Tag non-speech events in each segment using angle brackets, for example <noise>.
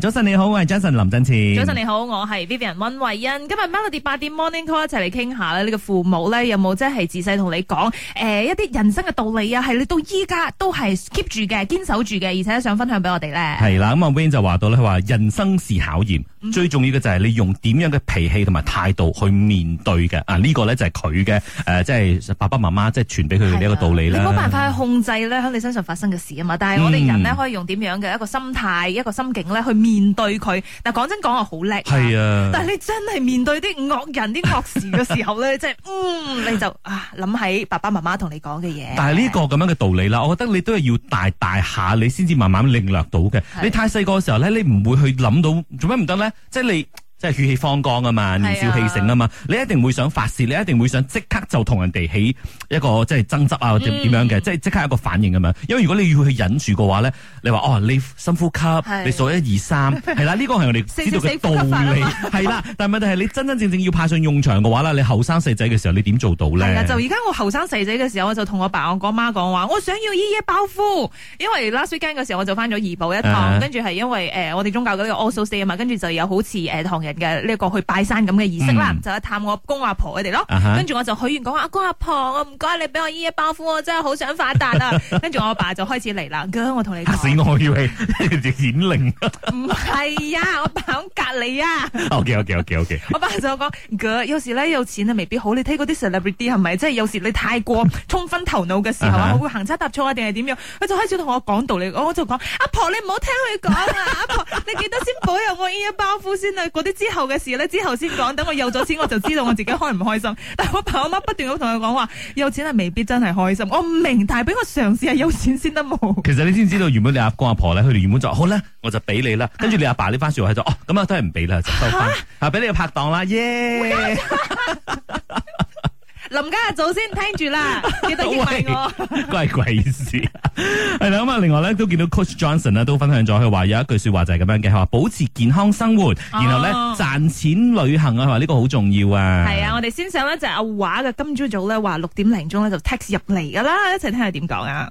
早晨你好，我係 Jason 林振前。早晨你好，我係 Vivian 溫慧欣。今日《Melody 八點 Morning Call》一齊嚟傾下咧，呢、這個父母咧有冇即係自細同你講誒、呃、一啲人生嘅道理啊？係你到依家都係 keep 住嘅，堅守住嘅，而且想分享俾我哋咧。係啦，咁啊，溫就話到咧，佢話人生是考驗。嗯、最重要嘅就係你用點樣嘅脾氣同埋態度去面對嘅、嗯、啊呢、這個咧就係佢嘅誒即係爸爸媽媽即係傳俾佢嘅呢一個道理、啊、你冇辦法去控制咧喺你身上發生嘅事啊嘛，但係我哋人咧可以用點樣嘅一個心態、嗯、一個心境咧去面對佢。但係講真講話好叻，係啊！但係你真係面對啲惡人啲惡事嘅時候咧，即係 <laughs> 嗯你就啊諗起爸爸媽媽同你講嘅嘢。但係呢個咁樣嘅道理啦，我覺得你都係要大大下你先至慢慢領略到嘅的。你太細個嘅時候咧，你唔會去諗到做咩唔得咧？即係你。即係血氣方剛啊嘛，年少、啊、氣盛啊嘛，你一定會想發泄，你一定會想即刻就同人哋起一個即係爭執啊點點樣嘅，嗯、即係即刻一個反應咁樣。因為如果你要去忍住嘅話咧，你話哦，你深呼吸，是你數一二三，係啦、 <laughs> 啊，呢個係我哋知道嘅道理，係啦、 <laughs> 啊。但係問題係你真真正正要派上用場嘅話咧，你後生細仔嘅時候你點做到咧？係、啊、就而家我後生細仔嘅時候，我就同我爸我阿媽講話，我想要依一夜暴富，因為 last weekend 嘅時候我就翻咗怡保一趟，嗯、跟住係因為誒、呃、我哋宗教嗰啲 All Souls Day 啊嘛，跟住就有好似誒、呃嘅呢個去拜山咁嘅儀式啦，就去探我阿公阿婆佢哋咯。跟住我就許願講話，阿公阿婆，我唔該你俾我依一包袱，我真係好想發達啊！跟住我阿爸就開始嚟啦，咁我同你講，我要去顯靈，唔係啊，我爸喺隔籬啊。OK OK OK OK，我爸就講，佢有時咧有錢啊未必好，你睇嗰啲 celebrity 係咪？即係有時你太過沖昏頭腦嘅時候啊，會行差踏錯啊，定係點樣？佢就開始同我講道理，我就講，阿婆你唔好聽佢講啊，阿婆你記得先保佑我依一包袱先啊，啲。之後嘅事咧，之後先講。等我有咗錢，我就知道我自己開唔開心。但係我爸我媽不斷咁同佢講話， <laughs> 有錢係未必真係開心。我唔明，但係俾我嘗試係有錢先得冇。其實你先知,知道，原本你阿公阿婆咧，佢哋原本就好咧，我就俾你啦。跟住、啊、你阿爸呢番說話就是啊、哦，咁啊都係唔俾啦，就收翻啊，俾、啊、你拍檔啦耶！Yeah! <laughs> <laughs> 林家祖先聽住啦， <laughs> 記得要問我，關鬼事。 <laughs> 係啦，咁啊，另外咧都見到 Coach Johnson 咧都分享咗，佢話有一句說話就係咁樣嘅，佢話保持健康生活，哦、然後咧賺錢旅行啊，佢話呢個好重要啊。係啊，我哋先上咧就是、阿華嘅今朝早咧話六點零鐘咧就 text 入嚟噶啦，一齊聽下點講啊。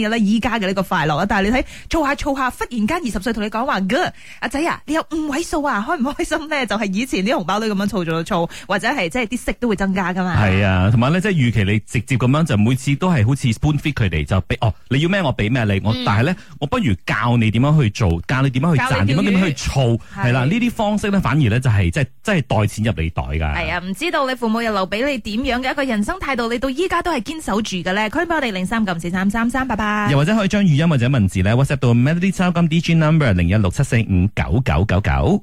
有啦，依家嘅呢個快樂啊！但係你睇，儲下儲下，忽然間二十歲同你講話，阿仔啊，你有五位數啊，開唔開心咧？就係以前啲紅包都咁樣儲咗儲，或者係即係啲息都會增加噶嘛。係啊，同埋咧，即係與其你直接咁樣就每次都係好似 spoon feed 佢哋就俾哦，你要咩我俾咩你。我但係咧，我不如教你點樣去做，教你點樣去賺，點樣點樣去儲。係啦，呢啲方式咧，反而咧就係即係即係代錢入你袋噶。係啊，唔知道你父母又留俾你點樣嘅一個人生態度，你到依家都係堅守住嘅咧。區唔區我哋零三九三三三，又或者可以將語音或者文字咧 <music> WhatsApp 到 Melody 差金 DJ number 零一六七四五九九九九，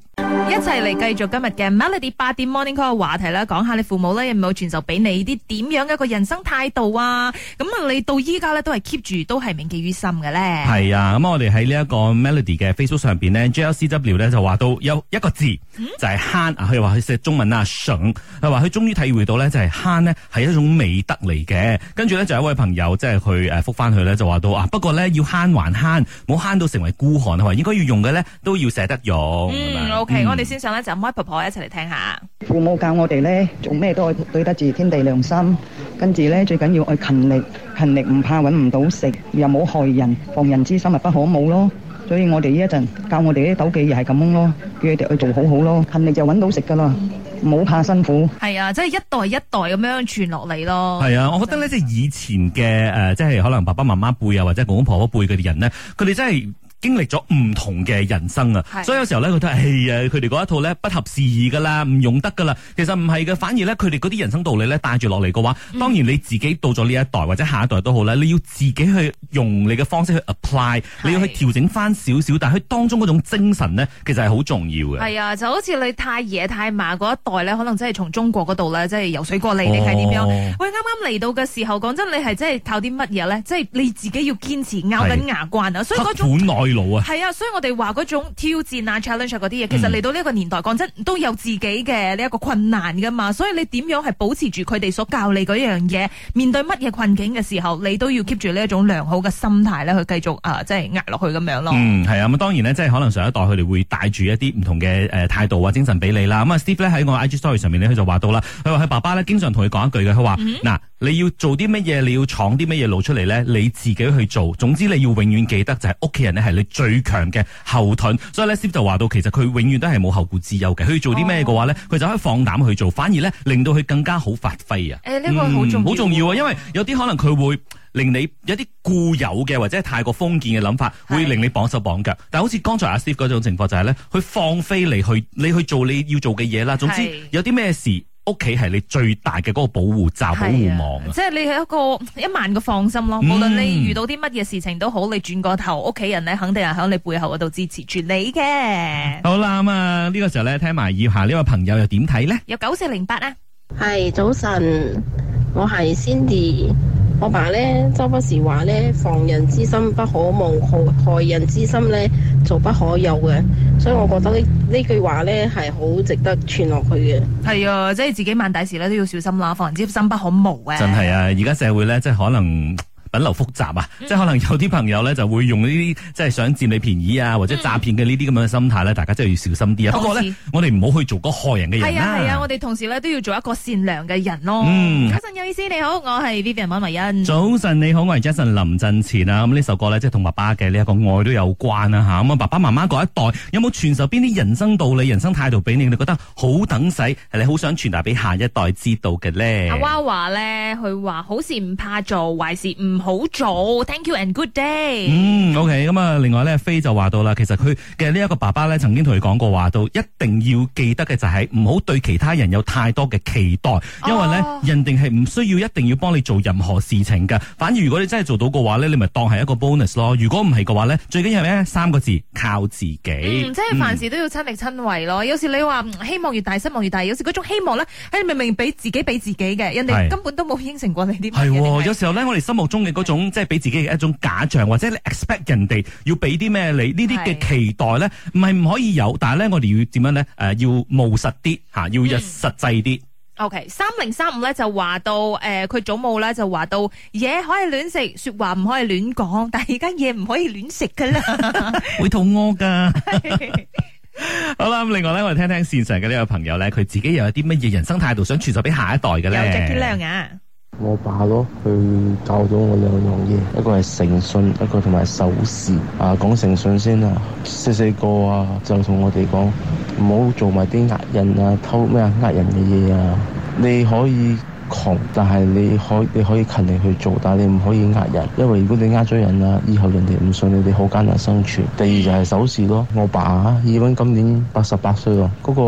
一齊嚟繼續今日嘅 Melody 八點 Morning Call 嘅話題啦，講下你父母咧有冇傳授俾你啲點樣嘅一個人生態度啊？咁啊，你到依家咧都係 keep 住都係銘記於心嘅咧。係啊，咁我哋喺呢一個 Melody 嘅 Facebook 上邊呢 JLCW 咧就話到有一個字，嗯，就係慳啊，佢話佢寫中文啊省，佢話佢終於體會到呢，就係，是，慳呢係一種美德嚟嘅，跟住呢，就有一位朋友即係，就是，去誒覆翻佢咧就話。啊！不過咧要慳還慳，冇慳到成為孤寒係話，應該要用嘅咧都要捨得用。嗯，OK，我哋先上咧就阿麥婆婆一齊嚟聽下。父母教我哋咧，做咩都對得住天地良心，跟住咧最緊要愛勤力，勤力唔怕搵唔到食，又冇害人，防人之心不可冇咯。所以我哋呢一陣教我哋啲斗技又係咁咯，叫佢哋去做好好咯，勤力就揾到食噶啦，唔好怕辛苦。係啊，即係一代一代咁樣傳落嚟咯。係啊，我覺得咧，即係以前嘅誒，即係可能爸爸媽媽輩啊，或者公公婆婆輩啲人咧，佢哋真係。經歷咗唔同嘅人生啊，是所以有時候咧，佢都係，哎呀，佢哋嗰一套咧，不合時宜噶啦，唔用得噶啦。其實唔係嘅，反而咧，佢哋嗰啲人生道理咧，帶住落嚟嘅話，當然你自己到咗呢一代或者下一代都好啦，你要自己去用你嘅方式去 apply，是你要去調整翻少少，但係佢當中嗰種精神呢，其實係好重要嘅。係啊，就好似你太爺太嫲嗰一代咧，可能真係從中國嗰度咧，真係游水過嚟，哦、你睇點樣？喂，啱啱嚟到嘅時候，講真，你係真係靠啲乜嘢呢？即係你自己要堅持咬緊牙關啊！是所以嗰種係啊，所以我哋話嗰種挑戰啊、challenge 嗰啲嘢，其實嚟到呢個年代講、嗯、真，都有自己嘅呢一個困難噶嘛。所以你點樣係保持住佢哋所教你嗰樣嘢，面對乜嘢困境嘅時候，你都要 keep 住呢一種良好嘅心態咧，呃就是、去繼續誒，即係捱落去咁樣咯。嗯，係啊，咁當然咧，即係可能上一代佢哋會帶住一啲唔同嘅誒態度啊、精神俾你啦。咁啊，Steve 咧喺我 IG story 上面咧，佢就話到啦，佢話佢爸爸咧經常同佢講一句嘅，佢話嗱。嗯你要做啲乜嘢？你要闖啲乜嘢路出嚟咧？你自己去做。總之，你要永遠記得就係屋企人咧係你最強嘅後盾。所以咧、嗯，Sir< 所以>就話到，其實佢永遠都係冇後顧之憂嘅。佢做啲咩嘅話咧，佢、哦、就可以放膽去做。反而咧，令到佢更加好發揮啊！誒、欸，呢、這個好重好重要啊、嗯！因為有啲可能佢會令你有啲固有嘅或者係太過封建嘅諗法，的會令你綁手綁腳。但好似剛才阿 Sir 嗰種情況就係、是、咧，佢放飛你去，你去做你要做嘅嘢啦。總之，有啲咩事。的屋企係你最大嘅嗰個保護罩、的保護網，即係你係一個一萬個放心咯。嗯、無論你遇到啲乜嘢事情都好，你轉個頭，屋企人咧肯定係喺你背後嗰度支持住你嘅。好啦，咁啊呢個時候咧，聽埋以下呢位朋友又點睇咧？有九四零八啦，係早晨，我係 Cindy，我爸咧周不時話咧，防人之心不可無，害害人之心咧做不可有嘅。所以我覺得呢呢句話咧係好值得傳落去嘅。係、嗯、啊，即係自己萬大事咧都要小心啦，防人之心不可無啊！真係啊，而家社會咧，即係可能。品流複雜啊，嗯、即係可能有啲朋友咧就會用呢啲即係想佔你便宜啊，或者詐騙嘅呢啲咁樣嘅心態咧，大家真係要小心啲啊。時不過咧，我哋唔好去做個害人嘅人啦，啊。係啊係啊，我哋同時咧都要做一個善良嘅人咯，啊。早、嗯、晨，有意思你好，我係 Vivian 溫維恩、嗯。早晨你好，我係 Jason 林振前啊。咁、嗯、呢首歌咧即係同爸爸嘅呢一個愛都有關啊吓。咁啊、嗯、爸爸媽媽嗰一代有冇傳授邊啲人生道理、人生態度俾你？你覺得好等使係你好想傳達俾下一代知道嘅咧？阿娃話咧佢話好事唔怕做，壞事唔。好早，thank you and good day。嗯，OK，咁啊，另外咧，飛就話到啦，其實佢嘅呢一個爸爸咧，曾經同佢講過話，到一定要記得嘅就係唔好對其他人有太多嘅期待，因為咧，人哋係唔需要一定要幫你做任何事情噶。反而如果你真係做到嘅話咧，你咪當係一個 bonus 咯。如果唔係嘅話咧，最緊要係咩？三個字，靠自己。嗯，即係凡事都要親力親為咯。有時你話希望越大，失望越大。有時嗰種希望咧，係明明俾自己俾自己嘅，人哋根本都冇應承過你啲。係，有時候咧，我哋心目中嘅。嗰種即係俾自己嘅一種假象，或者你 expect 人哋要俾啲咩，你呢啲嘅期待咧，唔係唔可以有，但係咧，我哋要點樣咧？誒、呃，要務實啲嚇、啊，要一實際啲、嗯。OK，三零三五咧就話到誒，佢、呃、祖母咧就話到嘢可以亂食，説話唔可以亂講，但係而家嘢唔可以亂食噶啦， <laughs> 會肚餓噶。好啦，咁另外咧，我哋聽，聽聽線上嘅呢個朋友咧，佢自己又有啲乜嘢人生態度想傳授俾下一代嘅咧？楊志堅亮啊！我爸咯，佢教咗我兩樣嘢，一個係誠信，一個同埋守時。啊，講誠信先啊，細細個啊就同我哋講，唔好做埋啲呃人啊、偷咩啊、呃人嘅嘢啊，你可以。窮，但係你可你可以勤力去做，但係你唔可以呃人，因為如果你呃咗人啊，以後人哋唔信你，你哋好艱難生存。第二就係守時咯。我爸 even 今年八十八歲咯，嗰、嗰個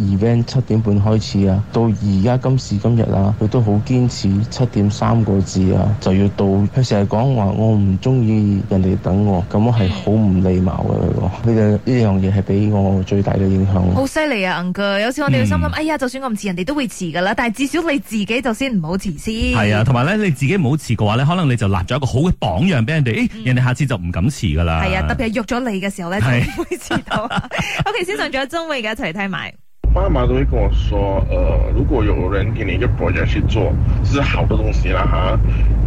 event 七點半開始啊，到而家今時今日啊，佢都好堅持七點三個字啊，就要到。佢成日講話，我唔中意人哋等我，咁我係好唔禮貌嘅，佢個。呢樣嘢係俾我最大嘅影響。好犀利啊！Uncle. 有時我哋心諗，mm. 哎呀，就算我唔遲，人哋都會遲噶啦。但係至少你自己。就先唔好遲先，係啊，同埋咧你自己唔好遲嘅話咧，可能你就立咗一個好嘅榜樣俾人哋，欸嗯、人哋下次就唔敢遲噶啦。係啊，特別係約咗你嘅時候咧，就唔是會遲到。 <laughs> OK，先上咗鐘，我而家一齊聽埋。媽媽都會跟我說，誒、呃，如果有人給你一個 project 去做，是好多東西啦吓，啊，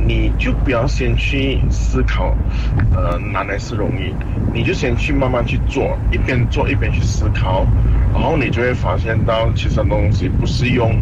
你就不要先去思考，誒、呃，拿來是容易，你就先去慢慢去做，一邊做一邊去思考，然後你就會發現到其實東西不是用，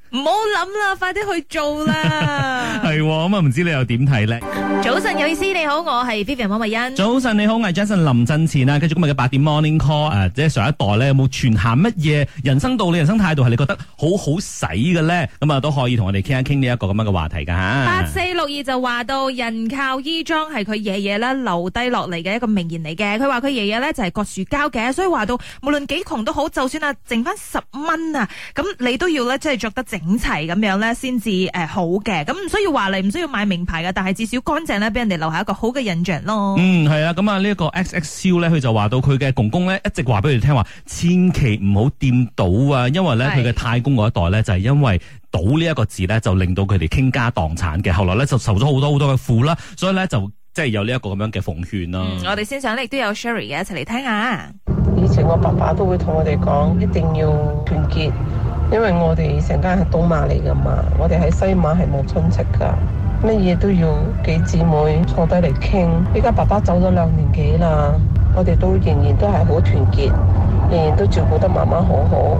唔好諗啦，快啲去做啦！係咁啊，唔知你又點睇咧？早晨有意思，你好，我係 Vivian 黃慧欣。早晨你好，我係 Jason 林振前啦。繼續今日嘅八點 Morning Call，誒、呃，即係上一代咧有冇傳下乜嘢人生道理、人生態度係你覺得好好使嘅咧？咁、嗯、啊、呃、都可以同我哋傾一傾呢一個咁樣嘅話題噶吓。八四六二就話到人靠衣裝係佢爺爺咧留低落嚟嘅一個名言嚟嘅。佢話佢爺爺咧就係、是、割樹膠嘅，所以話到無論幾窮都好，就算啊剩翻十蚊啊，咁你都要咧即係着得正。整齊咁樣咧，先至誒好嘅。咁唔需要華麗，唔需要買名牌嘅，但係至少乾淨咧，俾人哋留下一個好嘅印象咯。嗯，係啊。咁啊，呢一個 X X 燒咧，佢就話到佢嘅公公咧，一直話俾佢哋聽話，千祈唔好掂賭啊，因為咧佢嘅太公嗰一代咧，就係、是、因為賭呢一個字咧，就令到佢哋傾家蕩產嘅。後來咧就受咗好多好多嘅苦啦，所以咧就即係有呢一個咁樣嘅奉勸啦、嗯。我哋先想亦都有 Sherry 嘅一齊嚟聽下。以前我爸爸都會同我哋講，一定要團結。因為我哋成家係東馬嚟噶嘛，我哋喺西馬係冇親戚噶，乜嘢都要幾姊妹坐低嚟傾。依家爸爸走咗兩年幾啦，我哋都仍然都係好團結，仍然都照顧得媽媽好好。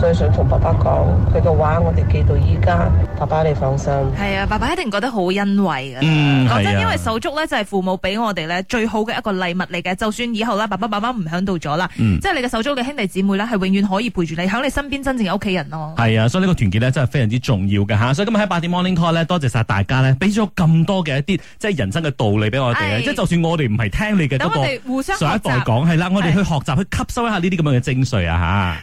所以想同爸爸講，佢嘅話我哋記到依家。爸爸你放心，係啊，爸爸一定覺得好欣慰噶。講、嗯、真，啊、因為手足咧就係父母俾我哋咧最好嘅一個禮物嚟嘅。就算以後咧爸爸媽媽唔響度咗啦，即係、嗯、你嘅手足嘅兄弟姊妹咧係永遠可以陪住你，喺你身邊真正嘅屋企人咯。係啊，所以呢個團結咧真係非常之重要嘅吓。所以今日喺八點 Morning Call 咧，多謝晒大家咧俾咗咁多嘅一啲即係人生嘅道理俾我哋，即係就算我哋唔係聽你嘅我哋互相。上一代講，係啦、啊，我哋去學習去吸收一下呢啲咁樣嘅精髓啊吓。